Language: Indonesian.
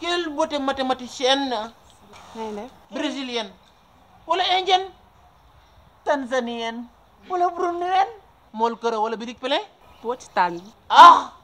Quelle beauté mathématicienne Brazilian, oleh indienne tanzanian wala bruneian. mool kërë wala birig pele. tuwo ci taal bi. ah.